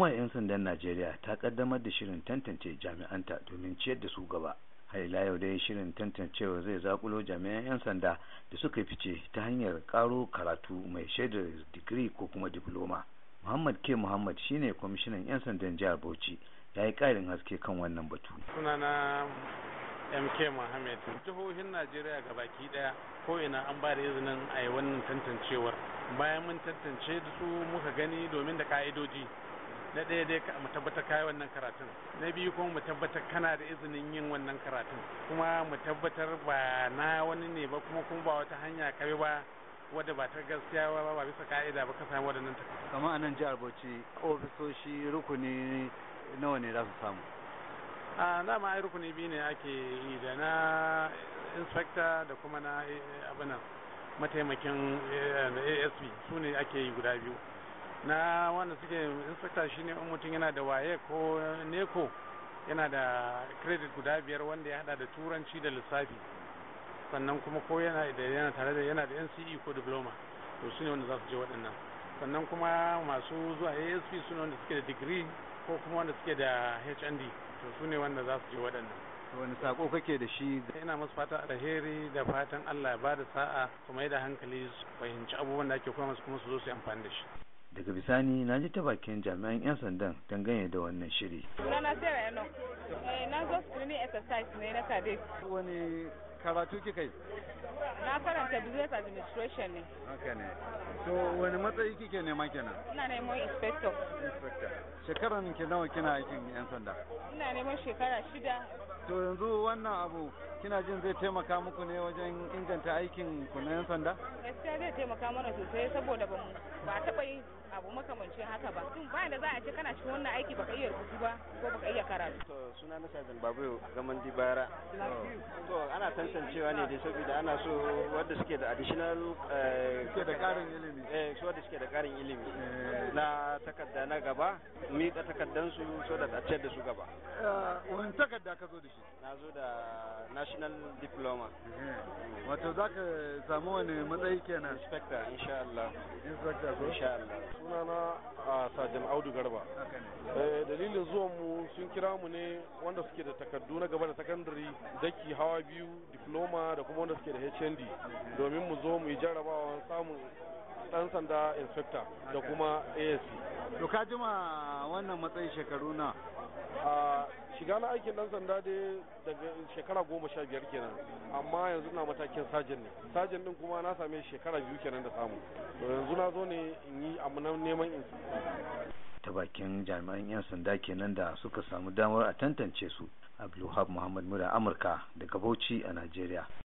hukumar 'yan sandan najeriya ta kaddamar da shirin tantance jami'anta domin ciyar da su gaba har ila yau dai shirin tantancewa zai zakulo jami'an 'yan sanda da suka fice ta hanyar karo karatu mai shaidar digiri ko kuma diploma muhammad ke muhammad shine kwamishinan 'yan sandan jihar bauchi ya yi ƙarin haske kan wannan batu sunana mk muhammad jihohin najeriya gabaki daya ko ina an ba da izinin a yi wannan tantancewar bayan mun tantance da su muka gani domin da ka'idoji na ɗaya dai mu tabbatar kayi wannan karatun na biyu kuma mu tabbatar kana da izinin yin wannan karatun kuma mu tabbatar ba na wani ne ba kuma kuma ba wata hanya kai ba wadda ba ta gaskiya ba ba bisa ka'ida ba ka samu waɗannan ta kama a nan jihar bauchi ofisoshi rukuni nawa ne za su samu a dama ai rukuni biyu ne ake yi da na inspector da kuma na eh, abinan mataimakin eh, asp su ne ake yi guda biyu na wanda suke inspector shi ne mutum yana da waye ko neko yana da credit guda biyar wanda ya hada da turanci da lissafi sannan kuma ko yana da yana tare da yana da NCE ko diploma to su ne wanda za su je waɗannan sannan kuma masu zuwa ASP su ne wanda suke da degree ko kuma wanda suke da HND to su ne wanda za su je waɗannan wani sako kake da shi ina masu fata alheri da fatan Allah ya ba da sa'a kuma yi da hankali su fahimci abubuwan da ake kuma masu kuma su zo su amfani da shi daga bisani na ji ta bakin jami'an 'yan sandan dangane da wannan shiri sunana sarah eno eh, na zo screening exercise ne na Kade. wani karatu kika yi na karanta business administration ne haka ne so wani matsayi kike nema kenan ina neman inspector inspector shekaran ki nawa kina aikin yan sanda ina neman shekara shida to yanzu wannan abu kina jin zai taimaka muku ne wajen inganta aikin ku na yan sanda gaskiya zai taimaka mana sosai saboda ba a ba taba yi abu makamancin haka ba tun ba da za a ce kana cikin wannan aiki baka iya rubutu ba ko baka iya karatu to suna na sajan babu gaman dibara to ana tantancewa ne dai saboda ana so wanda suke da additional eh, suke da karin ilimi eh so wanda suke da karin ilimi eh. na takarda na gaba miƙa takardan su so da da su gaba eh, wani takarda ka zo da shi na zo da national diploma mhm. wato za ka samu wani matsayi kenan inspector insha Allah inspector ko insha Allah sunana a sajin audu garba eh, dalilin zuwan mu sun kira mu ne wanda suke da takardu na gaba da secondary daki hawa biyu diploma da kuma wanda suke da HND mhm. domin mu zo mu yi jarabawa samun dan sanda inspector da kuma ASC to ka jima wannan matsayin shekaru na shiga na aikin dan sanda dai daga shekara goma sha biyar kenan amma yanzu na matakin sajin ne sajin din kuma na same shekara biyu kenan da samu to yanzu na zo ne in yi abu neman in ta bakin jami'an 'yan sanda kenan da suka samu damar a tantance su abdulhab muhammad mura amurka daga bauchi a najeriya